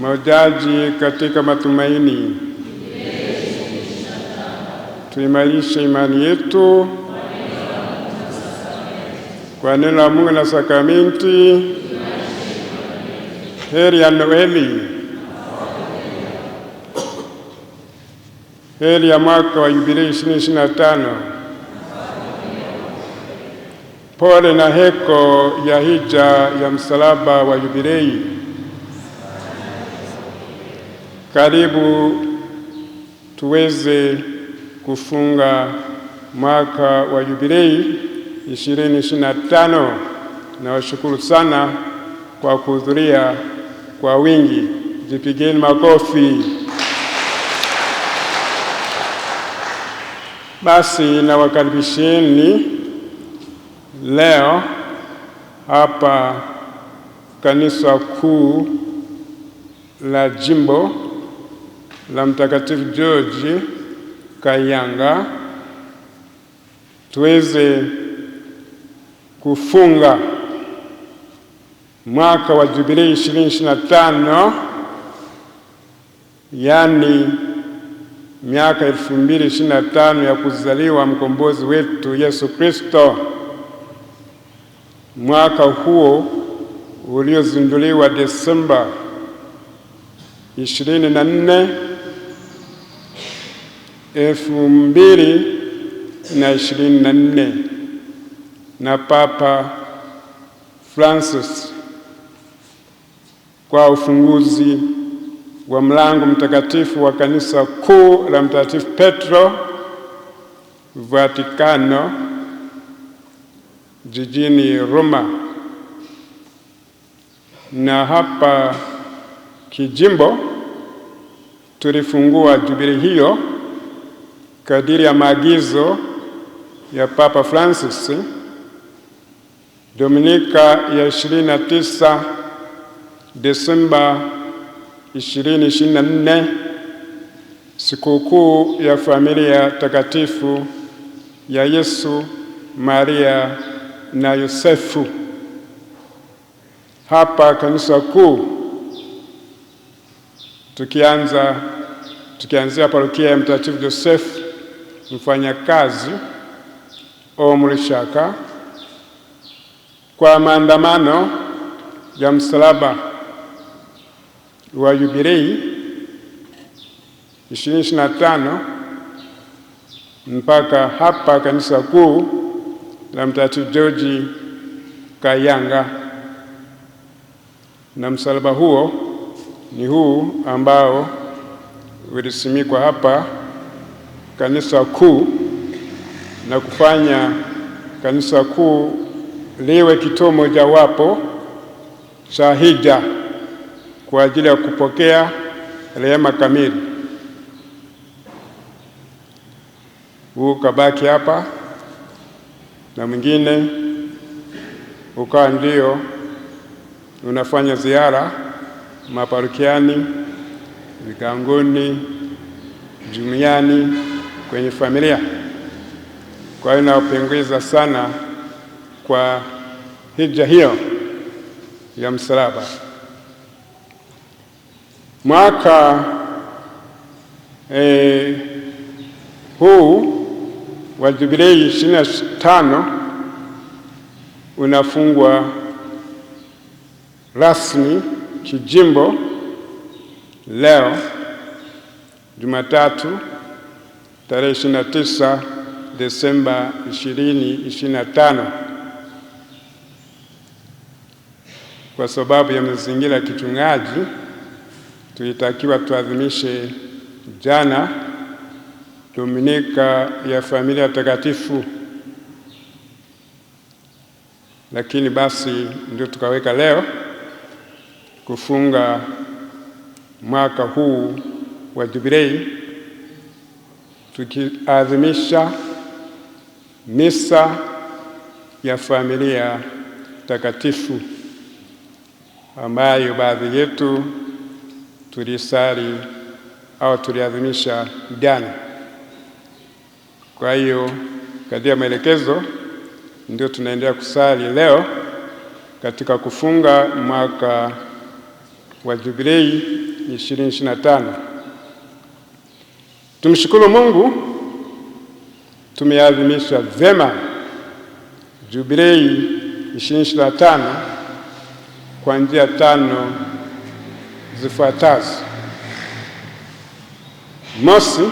Mahujaji katika matumaini, tuimarishe imani yetu kwa neno la Mungu na sakramenti. Heri ya Noeli, heri ya mwaka wa yubilei ishirini tano. Pole na heko ya hija ya msalaba wa yubilei karibu tuweze kufunga mwaka wa jubilei 2025. Nawashukuru sana kwa kuhudhuria kwa wingi, jipigeni makofi. Basi nawakaribisheni leo hapa kanisa kuu la jimbo la Mtakatifu George Kayanga tuweze kufunga mwaka wa jubilei 2025 yani yaani miaka elfu na ya kuzaliwa mkombozi wetu Yesu Kristo. Mwaka huo uliozinduliwa Desemba ishirini na elfu mbili na ishirini na nne na Papa Francis kwa ufunguzi wa mlango mtakatifu wa kanisa kuu la Mtakatifu Petro Vatikano jijini Roma na hapa kijimbo tulifungua jubili hiyo kadiri ya maagizo ya Papa Francis Dominika ya 29 Desemba 2024, sikukuu ya familia takatifu ya Yesu, Maria na Yosefu hapa kanisa kuu, tukianza tukianzia parokia ya Mtakatifu Yosefu mfanyakazi omulishaka kwa maandamano ya msalaba wa Yubilei 2025 mpaka hapa kanisa kuu la Mtakatifu George Kayanga, na msalaba huo ni huu ambao ulisimikwa hapa kanisa kuu na kufanya kanisa kuu liwe kituo mojawapo cha hija kwa ajili ya kupokea rehema kamili. Huu ukabaki hapa na mwingine ukawa ndio unafanya ziara maparukiani, viganguni, jumiani kwenye familia. Kwa hiyo nawapongeza sana kwa hija hiyo ya msalaba. Mwaka e, huu wa jubilei ishirini na tano unafungwa rasmi kijimbo leo Jumatatu tarehe 29 Desemba 2025 kwa sababu ya mazingira ya kichungaji tulitakiwa tuadhimishe jana Dominika ya Familia Takatifu, lakini basi ndio tukaweka leo kufunga mwaka huu wa jubilei tukiadhimisha misa ya familia takatifu ambayo baadhi yetu tulisali au tuliadhimisha jana. Kwa hiyo katika maelekezo ndio tunaendelea kusali leo katika kufunga mwaka wa Jubilei 2025. Tumshukuru Mungu, tumeadhimisha vyema Jubilei 25 kwa njia tano zifuatazo. Mosi,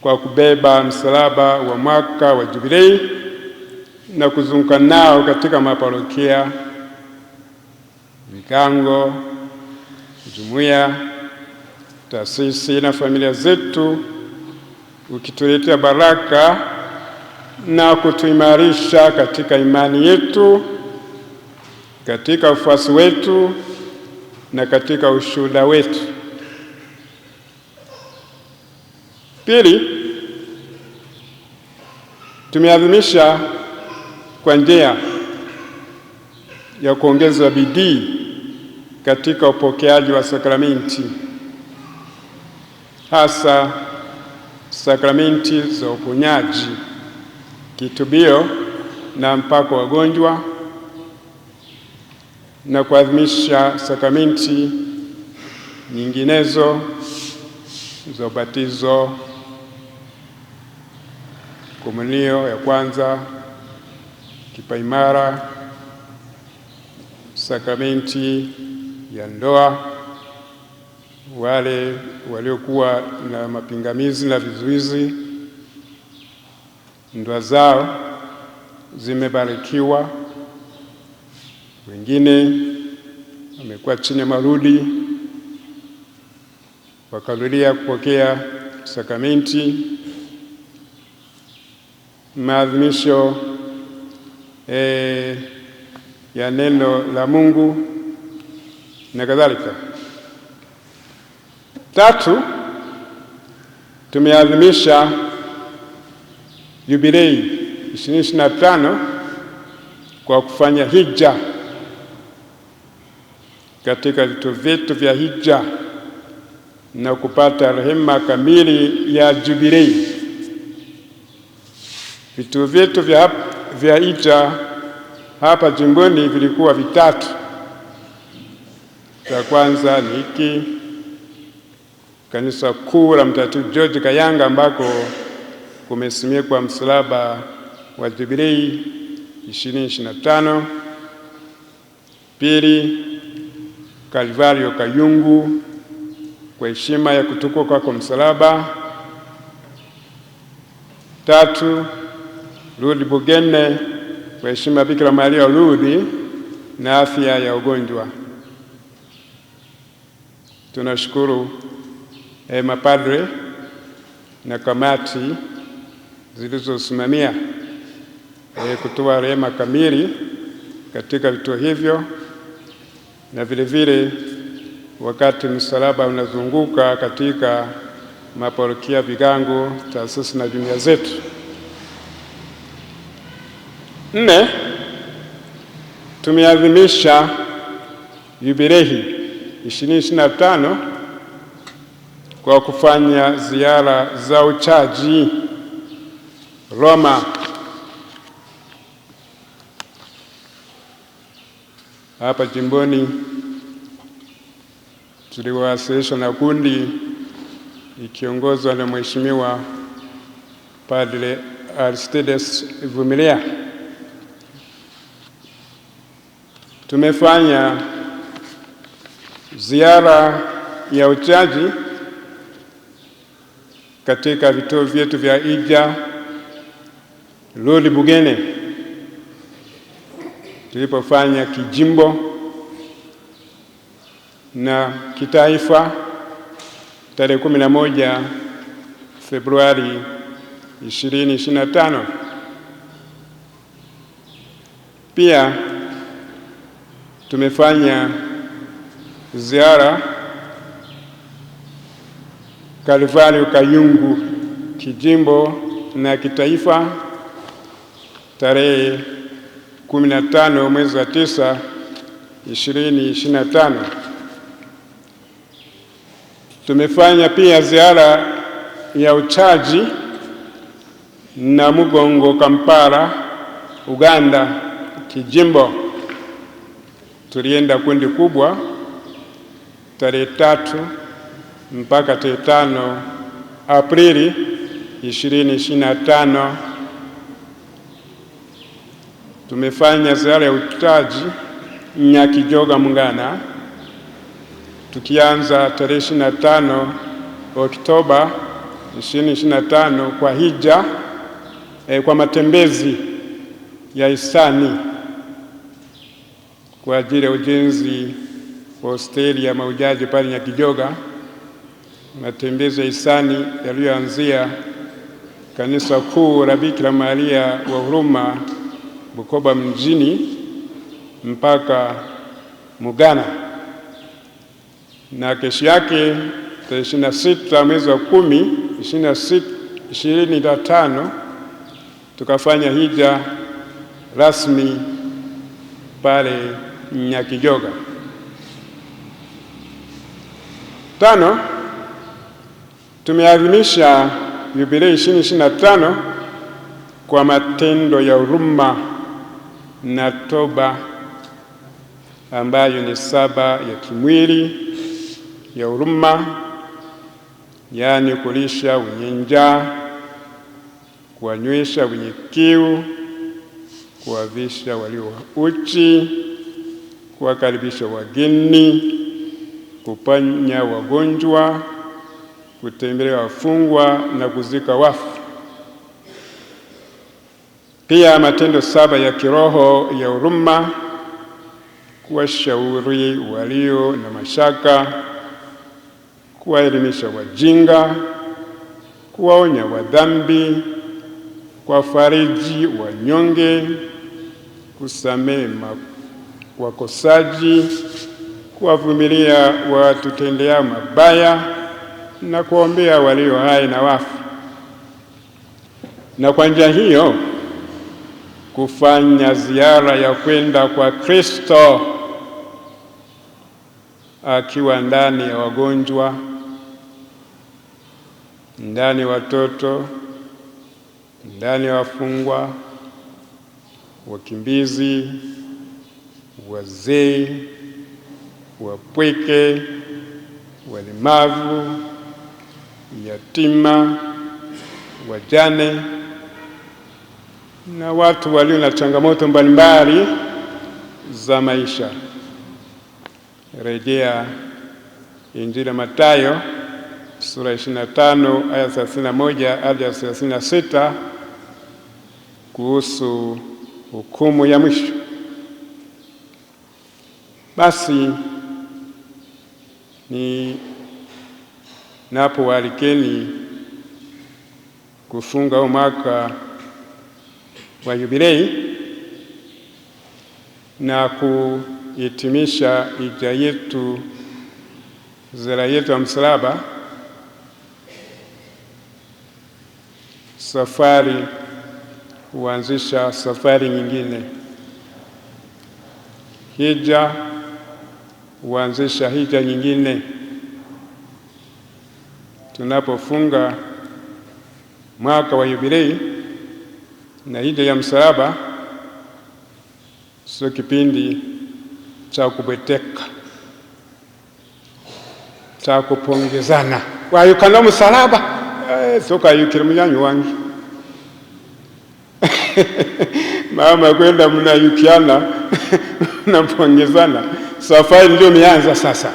kwa kubeba msalaba wa mwaka wa Jubilei na kuzunguka nao katika maparokia, vigango, jumuiya taasisi na familia zetu, ukituletea baraka na kutuimarisha katika imani yetu, katika ufuasi wetu na katika ushuhuda wetu. Pili, tumeadhimisha kwa njia ya kuongezwa bidii katika upokeaji wa sakramenti hasa sakramenti za uponyaji, kitubio na mpako wagonjwa, na kuadhimisha sakramenti nyinginezo za ubatizo, komunio ya kwanza, kipaimara, sakramenti ya ndoa wale waliokuwa na mapingamizi na vizuizi, ndoa zao zimebarikiwa, wengine wamekuwa chini ya marudi, wakarudia kupokea sakramenti. Maadhimisho e, ya neno la Mungu na kadhalika. Tatu, tumeadhimisha jubilei 2025 kwa kufanya hija katika vituo vyetu vya hija na kupata rehema kamili ya jubilei. Vituo vyetu vya, vya hija hapa jimboni vilikuwa vitatu. Cha kwanza ni hiki kanisa kuu la Mtakatifu George Kayanga ambako kumesimikwa msalaba wa Jubilei 2025. Pili, Kalvario Kayungu kwa heshima ya kutukwa kwako msalaba. Tatu, Rudi Bugene kwa heshima ya Bikira Maria Rudi na afya ya ugonjwa. Tunashukuru eh, mapadre na kamati zilizosimamia eh, kutoa rehema kamili katika vituo hivyo, na vilevile wakati msalaba unazunguka katika maparokia, vigango, taasisi na jumuiya zetu. Nne, tumeadhimisha Yubilei ishirini na tano kwa kufanya ziara za uchaji Roma. Hapa jimboni tuliwasilisha na kundi ikiongozwa na Mheshimiwa Padre Aristides Vumilia. Tumefanya ziara ya uchaji katika vituo vyetu vya Ija, Luli, Bugene tulipofanya kijimbo na kitaifa tarehe kumi na moja Februari 2025. Pia tumefanya ziara Kalvario Kayungu kijimbo na kitaifa tarehe 15 mwezi wa 9 2025. Tumefanya pia ziara ya uchaji na Mugongo Kampala, Uganda kijimbo. Tulienda kundi kubwa tarehe tatu mpaka tarehe tano Aprili ishirini tano tumefanya ziara ya utaji Nyakijoga Mungana, tukianza tarehe ishirini tano Oktoba ishirini kwa hija eh, kwa matembezi ya hisani kwa ajili ya ujenzi wa hosteli ya maujaji pale Nyakijoga matembezi ya hisani yaliyoanzia kanisa kuu la Bikira Maria wa Huruma Bukoba mjini mpaka Mugana, na kesho yake tarehe ishirini na sita mwezi wa kumi ishirini na tano tukafanya hija rasmi pale Nyakijoga. Tano, Tumeadhimisha Jubilei 2025 kwa matendo ya huruma na toba ambayo ni saba ya kimwili ya huruma, yaani kulisha wenye njaa, kuwanywesha wenye kiu, kuwavisha walio uchi, kuwakaribisha wageni, kuponya wagonjwa kutembelea wafungwa na kuzika wafu. Pia matendo saba ya kiroho ya huruma, kuwashauri walio na mashaka, kuwaelimisha wajinga, kuwaonya wadhambi, kuwafariji wanyonge, kusamehe wakosaji, kuwavumilia watutendea mabaya na kuombea walio hai na wafu, na kwa njia hiyo kufanya ziara ya kwenda kwa Kristo akiwa ndani ya wagonjwa, ndani ya watoto, ndani ya wafungwa, wakimbizi, wazee, wapweke, walemavu yatima, wajane na watu walio na changamoto mbalimbali za maisha. Rejea Injili ya Mathayo sura 25 aya 31 hadi 36 kuhusu hukumu ya mwisho. Basi ni napo walikeni kufunga huu mwaka wa Yubilei na kuhitimisha hija yetu, zera yetu ya msalaba, safari huanzisha safari nyingine. Hija huanzisha hija nyingine tunapofunga mwaka wa Yubilei na hija ya msalaba, sio kipindi cha kubweteka, cha kupongezana wayukana msalaba eh, sokayukira munyanyi wange mama kwenda mnayukiana mnapongezana. Safari ndio imeanza sasa,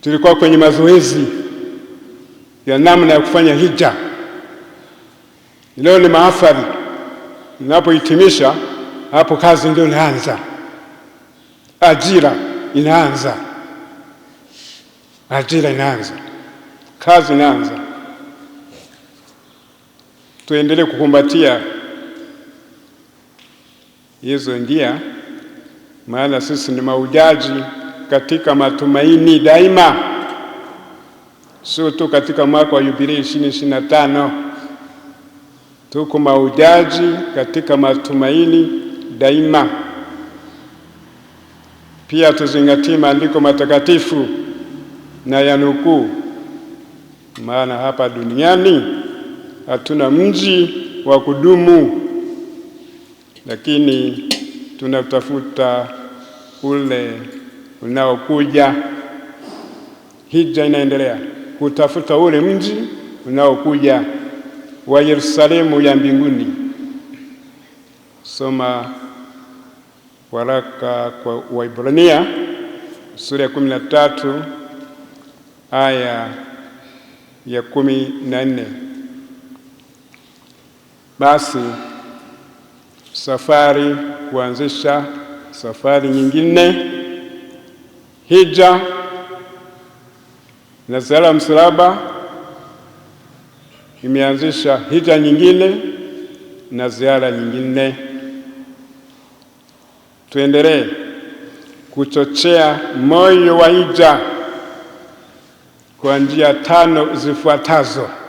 tulikuwa kwenye mazoezi ya namna ya kufanya hija. Leo ni mahafali, ninapohitimisha hapo kazi ndio inaanza, ajira inaanza, ajira inaanza, kazi inaanza. Tuendelee kukumbatia hizo ndia, maana sisi ni maujaji katika matumaini daima sio tu katika mwaka wa Yubilei ishirini na tano. Tuko maujaji katika matumaini daima. Pia tuzingatie maandiko matakatifu na ya nukuu, maana hapa duniani hatuna mji wa kudumu, lakini tunatafuta ule unaokuja. Hija inaendelea kutafuta ule mji unaokuja wa Yerusalemu ya mbinguni. Soma waraka kwa Waibrania sura ya kumi na tatu aya ya kumi na nne. Basi safari kuanzisha safari nyingine hija na sala ya msalaba imeanzisha hija nyingine na ziara nyingine. Tuendelee kuchochea moyo wa hija kwa njia tano zifuatazo.